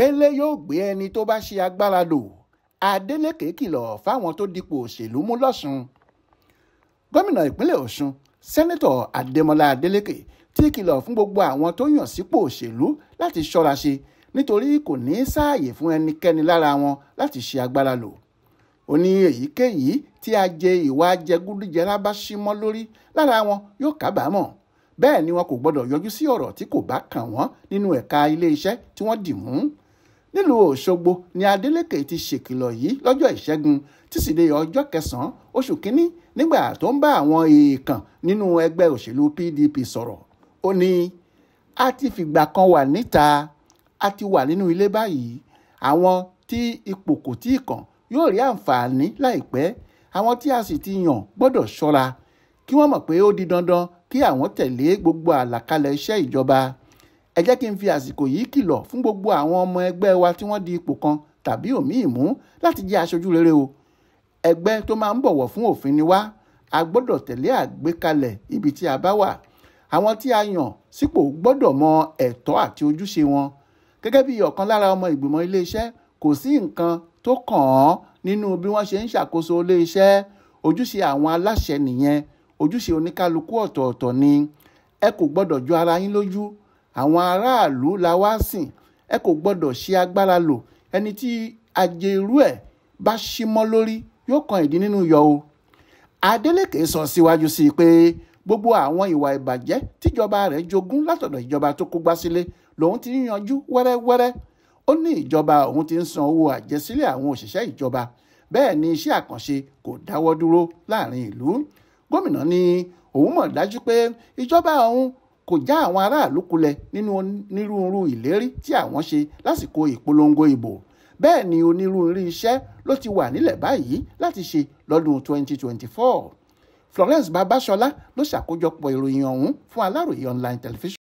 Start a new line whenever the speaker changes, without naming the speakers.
kélé yóò gbé ẹni tó bá ṣe agbára lò Adeleke kìlọ̀ fáwọn tó dipò òṣèlú mú lọ́sùn gómìnà ìpínlẹ̀ Ọ̀ṣun sẹ́nẹ́tọ̀ Adémọ́lá Adeleke ti kìlọ̀ fún gbogbo àwọn tó yàn sípò òṣèlú láti ṣọ́ra ṣe nítorí kò ní sáàyè fún ẹnikẹ́ni lára wọn láti ṣe agbára lò ó ní èyíkéyìí tí a jẹ ìwà jẹgúdújẹrá bá ṣí mọ́ lórí lára wọn yóò kábàámọ̀ bẹ́ẹ̀ ni wọn kò gbọ́dọ̀ yọjú sí ọ̀rọ̀ tí kò bá kàn wọ́n nínú ẹ̀ka iléeṣẹ́ tí wọ́n dì mú nílùú Òṣogbo ni Adeleke ti ṣèkìlọ̀ yìí lọ́jọ́ ìṣẹ́gun tíṣídẹ̀ẹ́ ọjọ́ kẹsàn-án oṣù kínní nígbà tó ń bá àwọn èèkàn nínú ẹgbẹ́ òṣèlú PDP sọ̀rọ̀ ó ní a ti fìgbà kan wà níta a ti wà nínú ilé báyìí àwọn tí ipò kò tíì kàn yóò rí àǹfààní láìpẹ́ àwọn tí a sì ti yàn gbọ́dọ̀ ṣọ́ra kí wọ́n mọ̀ pé ó di dandan kí àwọn tẹ̀lé gbogbo àlàkalẹ̀ iṣẹ́ ìjọba ẹ jẹ́ kí n fi àsìkò yìí kìlọ̀ fún gbogbo àwọn ọmọ ẹgbẹ́ wa tí wọ́n di ipò kan tàbí òmíì mú láti jẹ́ aṣojú rere o ẹgbẹ́ tó máa ń bọ̀wọ̀ fún òfin ni wá a gbọ́dọ̀ tẹ̀lé àgbékalẹ̀ ibi tí a bá wà àwọn tí a yàn sípò gbọ́dọ̀ mọ ẹ̀tọ́ àti ojúṣe wọn gẹ́gẹ́ bí ọ̀kan lára ọmọ ìgbìmọ̀ iléeṣẹ́ kò sí nǹkan tó kàn án nínú bí wọ́n ṣe ń ṣàkóso iléeṣẹ́ ojúṣe àwọn aláṣẹ nìyẹn ojúṣe oníkálukú ọ̀tọ̀ọ̀tọ̀ ni ẹ kò gbọ́dọ̀ jọ ara yín lójú àwọn aráàlú la wá sìn ẹ kò gbọ́dọ̀ ṣe agbára lò ẹni tí ajẹrú ẹ̀ bá ṣí mọ́ lórí yóò kan ìdí nínú yọ o Adeleke sọ síwájú sí i pé gbogbo àwọn ìwà ìbàjẹ́ tíjọba rẹ̀ jogún látọ̀dọ̀ ìjọba tó kó gbá sílé lòun ti ń yanjú wẹ́rẹ́wẹ́rẹ́ ó ní ìjọba òun ti ń san owó àjẹsílẹ̀ àwọn òṣìṣẹ́ ìjọba bẹ́ẹ̀ ni iṣẹ́ àkànṣe kò dáwọ́ dúró láàrin ìlú gómìnà ni òun mọ̀ dájú pé ìjọba òun kò já àwọn aráàlú kulẹ̀ nínú onírúurú ìlérí tí àwọn ṣe lásìkò ìpolongo ìbò bẹ́ẹ̀ ni onírúurú iṣẹ́ ló ti wà nílẹ̀ báyìí láti ṣe lọ́dún 2024 Florence Babasola ló ṣàkójọpọ̀ ìròyìn ọ̀hún fún Aláròye online television.